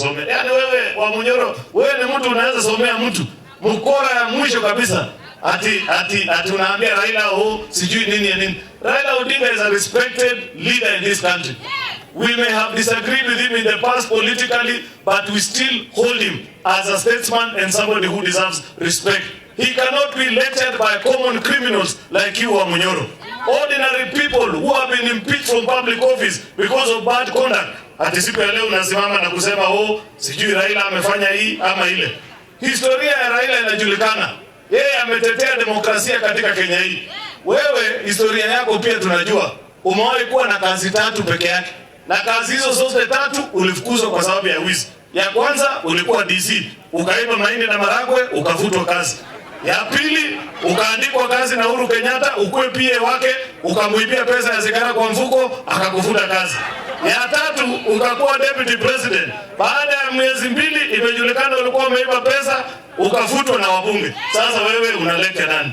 kusomea. Yaani wewe wa Munyoro, wewe ni mtu unaweza somea mtu mkora ya mwisho kabisa. Ati ati ati unaambia Raila huu sijui nini ya nini. Raila Odinga is a respected leader in this country. We may have disagreed with him in the past politically, but we still hold him as a statesman and somebody who deserves respect. He cannot be lectured by common criminals like you, wa Wamunyoro. Ordinary people who have been impeached from public office because of bad conduct ati siku ya leo unasimama na kusema oh, sijui Raila amefanya hii ama ile. Historia ya Raila inajulikana, yeye ametetea demokrasia katika Kenya hii. Wewe historia yako pia tunajua, umewahi kuwa na kazi tatu peke yake, na kazi hizo zote tatu ulifukuzwa kwa sababu ya wizi. Ya kwanza ulikuwa DC, ukaiba mahindi na maragwe, ukafutwa kazi. Ya pili ukaandikwa kazi na Uhuru Kenyatta, ukuwe pia wake, ukamwibia pesa ya sigara kwa mfuko, akakufuta kazi ya tatu ukakuwa deputy president. Baada ya miezi mbili imejulikana ulikuwa umeiba pesa ukafutwa na wabunge. Sasa wewe unaleta nani?